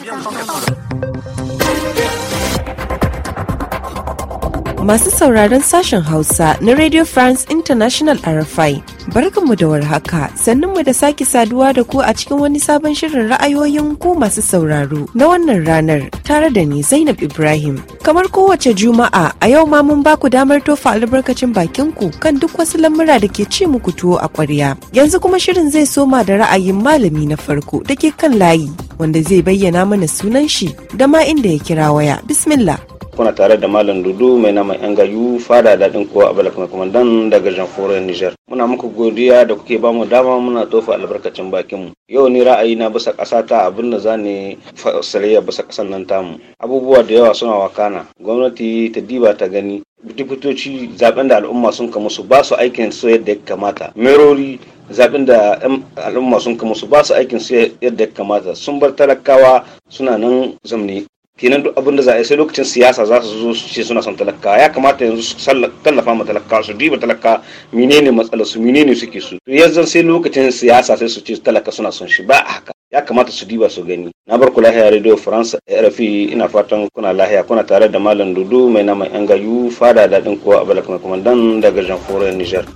不要暴露。masu sauraron sashen Hausa na Radio France International RFI. mu da warhaka, mu da sake saduwa da ku a cikin wani sabon shirin ra'ayoyin ku masu sauraro na wannan ranar tare da ni Zainab Ibrahim. Kamar kowace Juma'a a yau ma mun baku damar tofa albarkacin bakin ku kan duk wasu lamura da ke ci muku tuwo a ƙwarya. Yanzu kuma shirin zai soma da ra'ayin malami na farko da ke kan layi wanda zai bayyana mana sunan shi da ma inda ya kira waya. Bismillah. kuna tare da malam dudu mai nama yan gayu fada daɗin kowa a balak mai kwamandan daga ya nijar muna muku godiya da kuke ba mu dama muna tofa albarkacin bakinmu yau ni ra'ayi na bisa ƙasa ta abin da za ne fasariya bisa ƙasan nan tamu abubuwa da yawa suna wakana gwamnati ta diba ta gani Dukutoci zaben da al'umma sun kamu su ba su aikin su yadda ya kamata merori zaɓin da al'umma sun kama su ba su aikin su yadda ya kamata sun bar talakawa suna nan zamni kenan duk abin da za a yi sai lokacin siyasa za su zo su ce suna son talaka ya kamata yanzu su tallafa ma talaka su diba talaka menene matsalar su menene suke su to yanzu sai lokacin siyasa sai su ce talaka suna son shi ba haka ya kamata su diba su gani na bar ku lahiya radio france rfi ina fatan kuna lahiya kuna tare da malam dudu mai naman yan gayu fada dadin kowa a balak dan daga jamhuriyar niger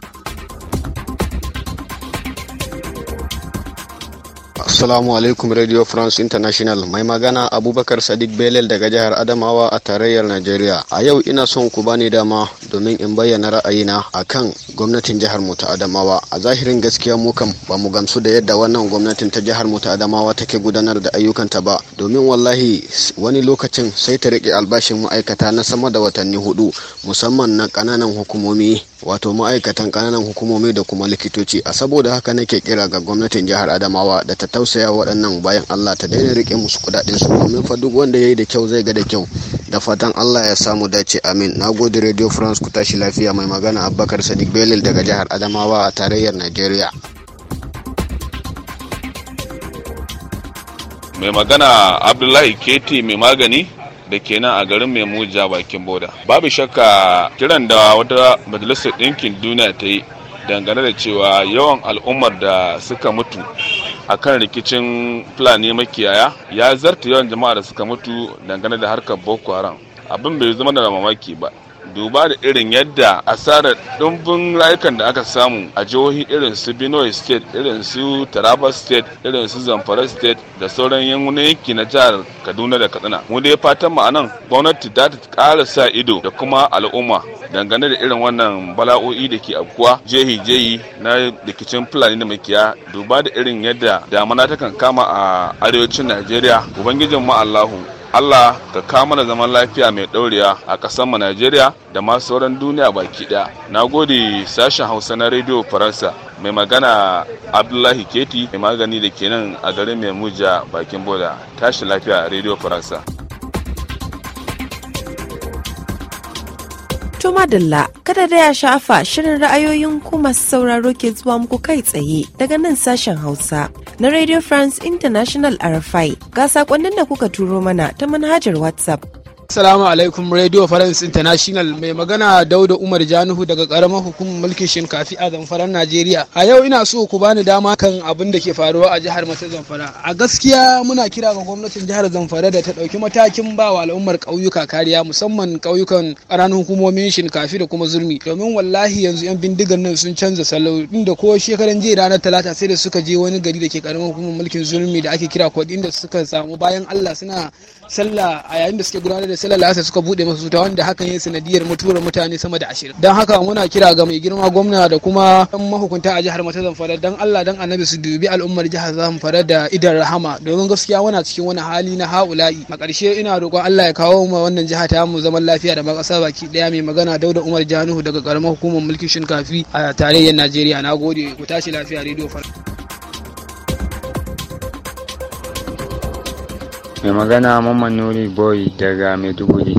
Assalamu alaikum Radio France International mai magana Abubakar Sadiq Belel daga jihar Adamawa a tarayyar Najeriya. A yau ina son ku bani dama domin in bayyana ra'ayina kan gwamnatin jihar mu ta Adamawa. A zahirin gaskiya mu kam ba mu gamsu da yadda wannan gwamnatin ta jihar mu ta Adamawa take gudanar da ayyukanta ba. Domin wallahi wani lokacin sai ta rike albashin ma'aikata na sama da watanni hudu musamman na kananan hukumomi wato ma'aikatan kananan hukumomi da kuma likitoci. A saboda haka nake kira ga gwamnatin jihar Adamawa da ta taus saya waɗannan bayan Allah ta daina riƙe musu kudaden su domin fa duk wanda yayi da kyau zai ga da kyau da fatan Allah ya samu dace amin nagode radio france ku tashi lafiya mai magana abubakar sadiq belil daga jihar adamawa a tarayyar nigeria mai magana abdullahi keti mai magani da kenan a garin mai muja bakin boda babu shakka kiran da wata majalisar ɗinkin duniya ta yi dangane da cewa yawan al'ummar da suka mutu a kan rikicin fulani makiyaya ya zarta yawan jama'a da suka mutu dangane da harkar boko haram abin bai zama da mamaki ba duba da irin yadda a asarar ɗumbin rayukan da aka samu a jihohi irin su benue state irin su taraba state irin su zamfara state da sauran yanki na jihar kaduna da katsina mu dai fatan ma'anar gwamnati za ta ƙara sa ido da kuma al'umma dangane da irin wannan bala'o'i da ke abuwa, jehi jehi na rikicin fulani da makiya duba da irin yadda damana takan kama a arewacin najeriya ubangijin mu allahu Allah ka kama da zaman lafiya mai ɗaurewa a ƙasar mu Najeriya da ma sauran duniya baki ɗaya. Na gode sashen Hausa na Radio Faransa mai magana Abdullahi Keti mai magani da ke nan a garin Memuja bakin boda. Tashi lafiya a Radio Faransa. To madalla kada da ya shafa shirin ra'ayoyin ku masu sauraro ke zuwa muku kai tsaye daga nan sashen Hausa na Radio France International RFI ga sakonnin da kuka turo mana ta manhajar WhatsApp Assalamu alaikum Radio France International mai magana Dauda Umar Januhu daga karamar hukumar mulkin shinkafi a Zamfara Najeriya. A yau ina so ku bani dama kan abin da ke faruwa a jihar Mata Zamfara. A gaskiya muna kira ga gwamnatin jihar Zamfara da ta ɗauki matakin ba wa al'ummar kauyuka kariya musamman kauyukan ƙananan hukumomin shinkafi da kuma zulmi. Domin wallahi yanzu 'yan bindigar nan sun canza salo inda ko shekaran jiya ranar Talata sai da suka je wani gari da ke karamar hukumar mulkin zulmi da ake kira Kwadi da suka samu bayan Allah suna sallah a yayin da suke gudanar da sallah la'asar suka bude masu ta wanda hakan ya sanadiyar mutuwar mutane sama da ashirin don haka muna kira ga mai girma gwamna da kuma mahukunta a jihar mata zamfara don allah don annabi su dubi al'ummar jihar zamfara da idan rahama domin gaskiya muna cikin wani hali na ha'ula'i a ƙarshe ina roƙon allah ya kawo mu wannan jiha ta mu zaman lafiya da makasa baki ɗaya mai magana dauda umar nuhu daga ƙaramar hukumar mulkin shinkafi a tarayyar najeriya na gode ku tashi lafiya rediyo fara mai magana mamman nuri boy daga maiduguri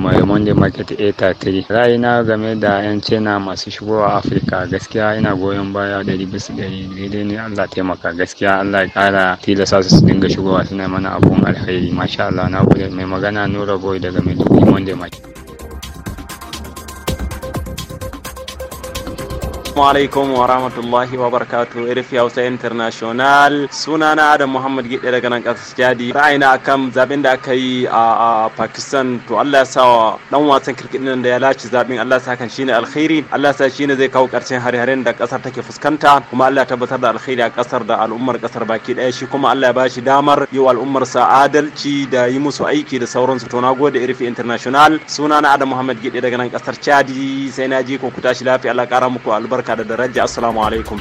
mai monday market eta 3 ra'ayina game da yan cena masu shigowa afirka gaskiya ina goyon baya ɗari bisa ɗari daidai ne allah taimaka gaskiya allah ya kara tilasa su dinga shigowa suna mana abun alkhairi masha allah na gode mai magana nura boy daga maiduguri monday market Assalamu alaikum wa rahmatullahi wa barakatu irfi Hausa International na Adam Muhammad Gide daga nan kasar Jadi ra'ayina akan zaben da aka yi a Pakistan to Allah ya sawa dan wasan kirkit da ya laci zaben Allah sa kan shine alkhairi Allah sa shine zai kawo karshen hare-haren da kasar take fuskanta kuma Allah ya tabbatar da alkhairi a kasar da al'ummar kasar baki daya shi kuma Allah ya shi damar yi wa al'ummar sa adalci da yi musu aiki da sauransu to na gode irfi International na Adam Muhammad Gide daga nan kasar Jadi sai na ji ku ku tashi lafiya Allah kara muku albarka barka da daraja assalamu alaikum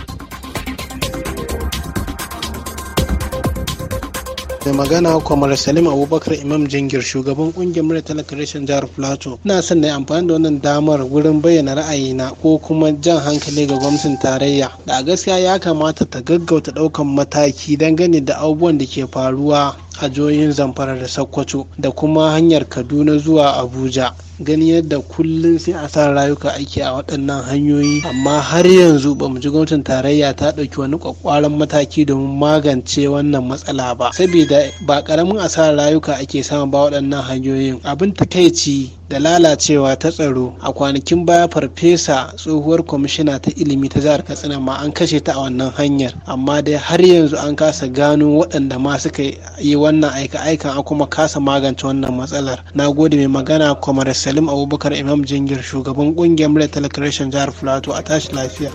mai magana kwamar salim abubakar imam jingir shugaban kungiyar mura talakarishin jihar plateau na son na yi amfani da wannan damar wurin bayyana ra'ayina ko kuma jan hankali ga gwamnatin tarayya da a gaskiya ya kamata ta gaggauta daukan mataki dangane da abubuwan da ke faruwa a jihohin zamfara da sokoto da kuma hanyar kaduna zuwa abuja gani yadda kullum sai a sa rayuka ake a waɗannan hanyoyi amma har yanzu ba mu ji gwamnatin tarayya ta ɗauki wani ƙwaƙwaran mataki domin magance wannan matsala ba saboda ba ƙaramin asarar rayuka ake sama ba waɗannan hanyoyin abin takaici da lalacewa ta tsaro a kwanakin baya farfesa tsohuwar kwamishina ta ilimi ta jihar katsina ma an kashe ta a wannan hanyar amma dai har yanzu an kasa gano waɗanda ma suka yi wannan aika-aikan a kuma kasa magance wannan matsalar na gode mai magana kwamar salim abubakar imam jingir shugaban ƙungiyar murya telecreation jihar filato a tashi lafiya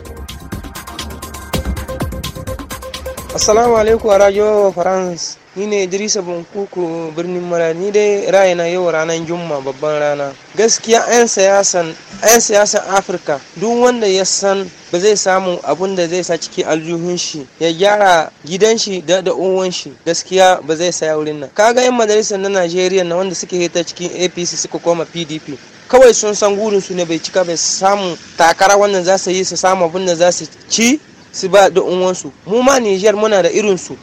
assalamu alaikum radio france ni ne Idrisa Bunkuku birnin Mara ni dai ra'ayina yau ranar Juma babban rana gaskiya 'yan siyasan Afirka duk wanda ya san ba zai samu abun da zai sa ciki aljuhun shi ya gyara gidan shi da da uwan shi gaskiya ba zai saya wurin nan kaga yan majalisar na Najeriya na wanda suke hita cikin APC suka koma PDP kawai sun san gurin su ne bai cika bai samu takara wannan za su yi su samu abun da za su ci su ba da uwansu mu ma Niger muna da irin su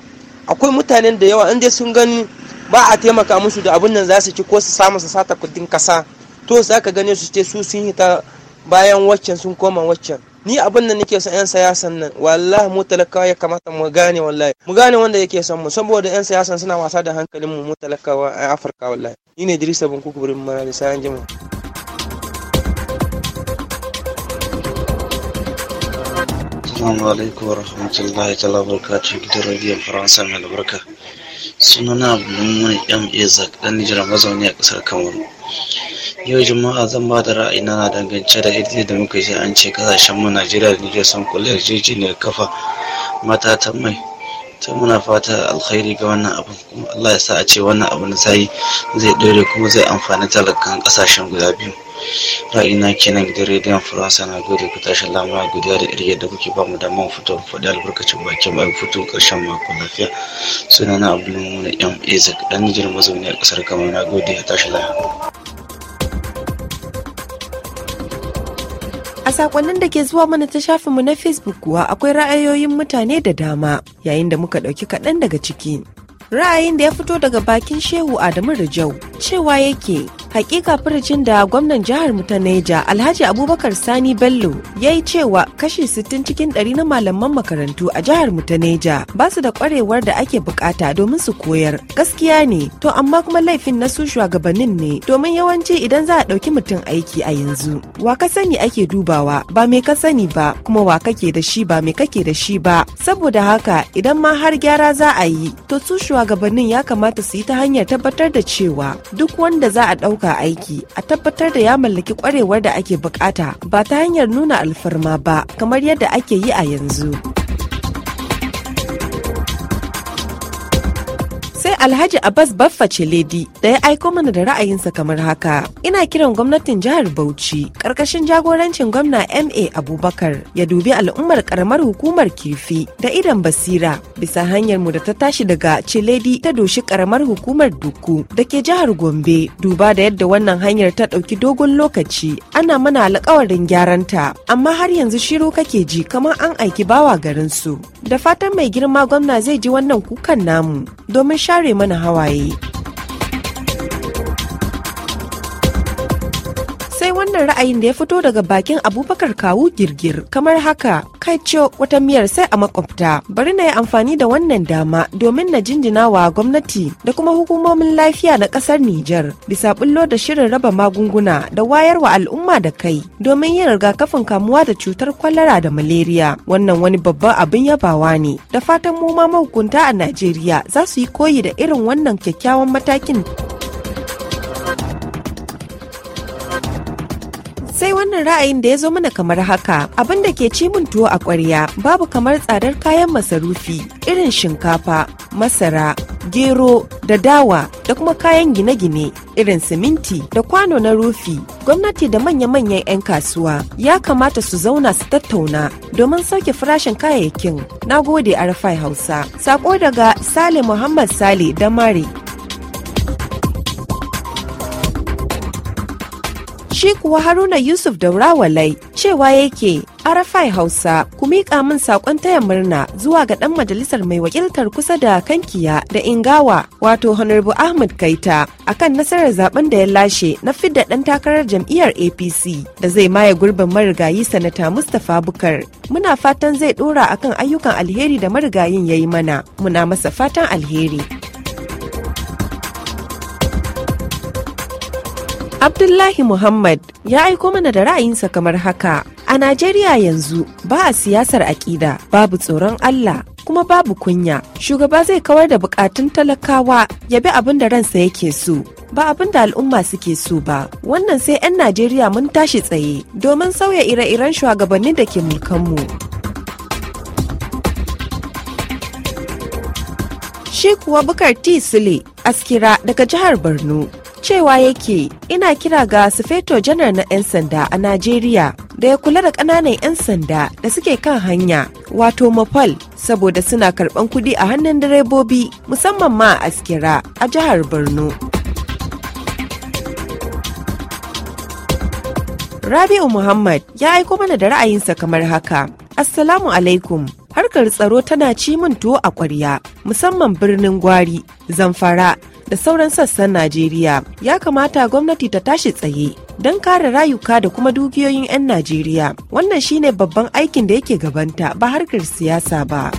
akwai mutanen da yawa inda sun gani ba a taimaka musu da abin nan za su ci ko su samu su sata kudin kasa to za ka gane su ce su sun hita bayan waccan sun koma waccan ni abin nan nake son yan siyasan nan wallahi mu talakawa ya kamata mu gane wallahi mu gane wanda yake son mu saboda yan siyasan suna wasa da hankalin mu mu talakawa a Afirka wallahi ni ne Idris bin kukurin Mara da sayan jama'a Assalamu alaikum wa rahmatullahi ta'ala barkatu gidan radiyon Faransa mai albarka. Sunana Abdulmumin 'yan Ezak dan Nijar mazauni a kasar Kamaru. Yau Juma'a zan ba da ra'ayina na dangance da hidde da muka ji an ce kasashen mu Najeriya da Nijar sun kula yarjejeniyar kafa mata ta mai. Ta muna fata alkhairi ga wannan abu kuma Allah ya sa a ce wannan abu na sayi zai dore kuma zai amfani talakan kasashen guda biyu. ra'ina kenan gidan rediyon faransa na gode ku tashi lamura guda da irin da kuke ba mu mun fito faɗi albarkacin bakin bayan fito ƙarshen mako lafiya suna na abu na yan ezek dan nijar mazauni a kasar kamar na gode ya tashi lafiya. A sakonnin da ke zuwa mana ta shafinmu na Facebook kuwa akwai ra'ayoyin mutane da dama yayin da muka ɗauki kaɗan daga ciki. Ra'ayin da ya fito daga bakin Shehu Adamu Rajau cewa yake hakika farcin da gwamnan jihar Mutaneja, Alhaji Abubakar Sani Bello ya yi cewa kashi 60 cikin 100 na malaman makarantu a jihar mu Neja ba su da kwarewar da ake bukata domin su koyar. Gaskiya ne, to amma kuma laifin na su shugabannin ne domin yawanci idan za a ɗauki mutum aiki a yanzu. Wa ka sani ake dubawa ba me ka sani ba kuma wa kake da shi ba me kake da shi ba. Saboda haka idan ma har gyara za a yi to su shugabannin ya kamata su yi ta hanyar tabbatar da cewa duk wanda za a ɗauka ɗauka aiki a tabbatar da ya mallaki ƙwarewar da ake bukata ba ta hanyar nuna alfarma ba kamar yadda ake yi a yanzu. Alhaji Abbas Baffa Ciledi da ya aiko mana da ra'ayinsa kamar haka. Ina kiran gwamnatin jihar Bauchi karkashin jagorancin gwamna MA Abubakar ya dubi al'ummar karamar hukumar kifi da idan basira bisa hanyar mu da ta tashi daga Ciledi ta doshi karamar hukumar Duku da ke jihar Gombe duba da yadda wannan hanyar ta ɗauki dogon lokaci ana mana alƙawarin gyaran ta amma har yanzu shiru kake ji kamar an aiki bawa garin su. Da fatan mai girma gwamna zai ji wannan kukan namu domin share share mana hawaye wannan ra'ayin da ya fito daga bakin abubakar kawu girgir kamar haka kai ce wata miyar sai a makwabta bari na yi amfani da wannan dama domin na jinjina wa gwamnati da kuma hukumomin lafiya na kasar Nijar bisa bullo da shirin raba magunguna da wayar wa al'umma da kai domin yin rigakafin kamuwa da cutar kwalara da maleriya. wannan wani babban abin yabawa ne da fatan mu ma mahukunta a Najeriya za su yi koyi da irin wannan kyakkyawan matakin. sai wannan ra'ayin da ya zo mana kamar haka abin da ke ci min tuwo a ƙwarya babu kamar tsadar kayan masarufi irin shinkafa masara gero da dawa da kuma kayan gine-gine irin siminti da kwano na rufi gwamnati da manya-manyan 'yan kasuwa ya kamata su zauna su tattauna domin sauke farashin kayayyakin na gode rafai hausa sako daga sale muhammad sale damare shi kuwa haruna yusuf Daura Walai cewa yake arafai hausa ku miƙa min saƙon taya murna zuwa ga ɗan majalisar mai wakiltar kusa da kankiya da ingawa wato honorable ahmad kaita akan nasarar zaben da ya lashe na fidda ɗan takarar jam'iyyar apc da zai maye gurbin marigayi sanata mustapha bukar muna fatan zai ɗora akan ayyukan alheri da marigayin ya yi mana muna masa fatan alheri Abdullahi Muhammad ya aiko mana da ra'ayinsa kamar haka. A Najeriya yanzu ba a siyasar aƙida, babu tsoron Allah, kuma babu kunya. Shugaba zai kawar da bukatun talakawa ya bi abin da ransa yake so. Ba abin da al'umma suke so ba, wannan sai 'yan Najeriya mun tashi tsaye domin sauya ire-iren shugabannin da ke mulkanmu. Shi kuwa Bukar T. Sule, askira daga jihar Borno. cewa yake ina kira ga sufeto janar na 'yan sanda a najeriya da ya kula da ƙananan 'yan sanda da suke kan hanya wato mafal saboda suna karɓan kuɗi a hannun direbobi musamman ma a askira a jihar borno rabi'u muhammad ya aiko mana da ra'ayinsa kamar haka assalamu alaikum harkar tsaro tana ci min tuwo a kwarya musamman birnin gwari zamfara da sauran sassan Najeriya. Ya kamata gwamnati ta tashi tsaye don kare rayuka da kuma dukiyoyin 'yan Najeriya. Wannan shine babban aikin da yake gabanta ba harkar siyasa ba.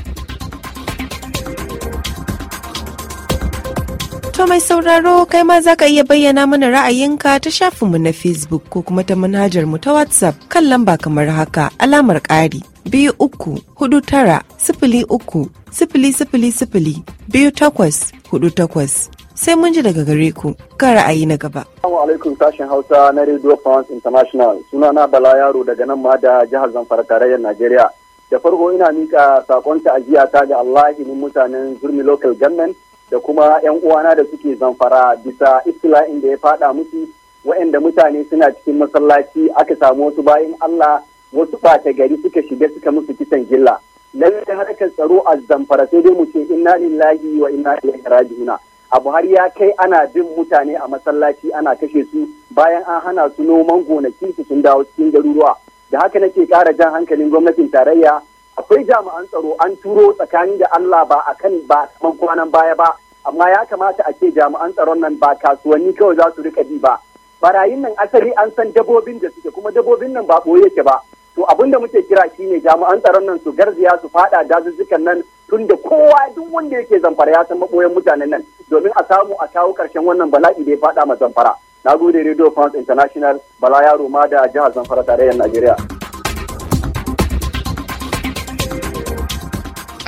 To mai sauraro kai ma za ka iya bayyana mana ra'ayinka ta shafinmu na Facebook ko kuma ta manhajar mu ta WhatsApp kan lamba kamar haka alamar ƙari biyu uku hudu tara sifili uku sifili sifili sifili biyu takwas hudu takwas sai mun ji daga gare ku ga ra'ayi na gaba. Assalamu alaikum sashen Hausa na Radio France International sunana Bala Yaro daga nan ma da jihar Zamfara tarayyar Najeriya. Da farko ina mika sakon ajiya ta ga Allahin mutanen Zurmi Local Government da kuma 'yan uwana da suke zamfara bisa istila'in da ya fada musu waɗanda mutane suna cikin masallaci aka samu wasu bayan Allah wasu ɓata gari suka shiga suka musu kisan gilla. Lallai harkar tsaro a zamfara sai dai mu ce inna lillahi wa inna ilaihi raji'una. abu har ya kai ana bin mutane a masallaci ana kashe su bayan an hana su noman gonaki su sun dawo cikin garuruwa da haka nake kara jan hankalin gwamnatin tarayya akwai jami'an tsaro an turo tsakanin da Allah ba a kan ba kaman kwanan baya ba amma ya kamata a ce jami'an tsaron nan ba kasuwanni kawai za su rika bi ba barayin nan asali an san dabobin da suke kuma dabobin nan ba ɓoye yake ba to abin da muke kira shine jami'an tsaron nan su garziya su fada dazuzzukan nan tun da kowa duk wanda yake zamfara ya san maboyan mutanen nan domin a samu a kawo ƙarshen wannan bala'i da ya faɗa ma zamfara na gode radio france international bala yaro ma da jihar zamfara tarayyar najeriya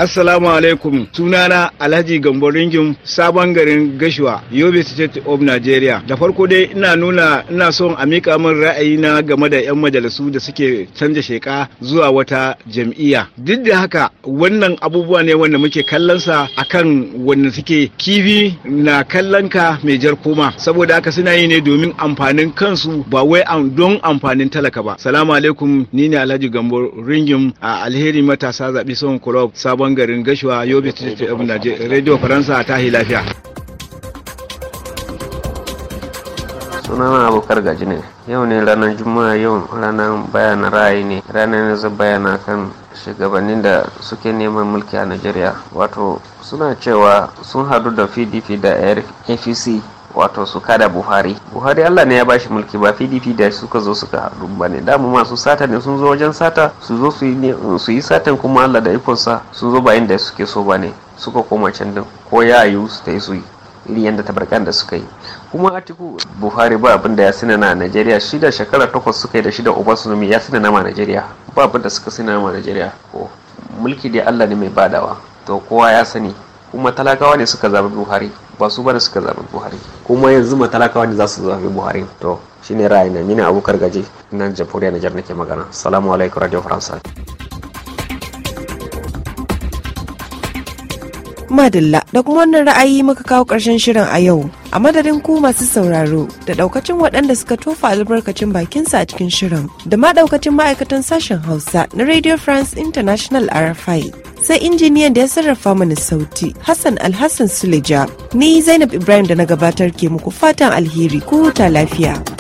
Assalamu alaikum sunana Alhaji Gambo Ringin sabon garin Gashua, Yobe State of Nigeria. Da farko dai ina nuna ina son a mika min ra'ayi na game da 'yan majalisu da suke canja sheka zuwa wata jam'iyya. Duk da haka wannan abubuwa ne wanda muke kallonsa a kan wanda suke kifi na kallon ka mai jar koma saboda haka suna yi ne domin amfanin kansu ba wai don amfanin talaka ba. Assalamu alaikum ni ne Alhaji Gambo Ringin a alheri matasa zabi son kulob sabon babban garin gashuwa yobe of nigeria radio faransa ta lafiya sunana abokar gaji ne yau ne ranar juma'a yau ranar bayana ra'ayi ne ranar yanzu bayana kan shugabannin da suke neman mulki a nigeria wato suna cewa sun hadu da pdp da apc wato su kada buhari buhari allah ne ya bashi mulki ba pdp da suka zo suka haɗu ba ne damu masu sata ne sun zo wajen sata su zo su yi satan kuma allah da ikonsa sun zo ba inda suke so ba ne suka koma can din ko ya yiwu su ta yi su yi iri yadda tabarkan da suka yi kuma atiku buhari ba abin da ya sina na najeriya shi da shekara takwas suka yi da shi da ya sina nama najeriya ba abin da suka sina nama najeriya ko mulki dai allah ne mai badawa to kowa ya sani kuma talakawa ne suka zaɓi buhari ba su ba da suka zaɓi buhari kuma yanzu ma talakawa ne za su zaɓi buhari to shine ra'ayi na ni ne abubakar gaji nan jamhuriyar nijar nake magana salamu alaikum radio faransa madalla da kuma wannan ra'ayi muka kawo ƙarshen shirin a yau a madadin ku masu sauraro da daukacin waɗanda suka tofa albarkacin bakinsa a cikin shirin da ma daukacin ma'aikatan sashen hausa na radio france international rfi sai injiniyan da ya sarrafa mana sauti Hassan Alhassan Suleja. Ni Zainab Ibrahim da na gabatar ke muku fatan alheri ku ta lafiya.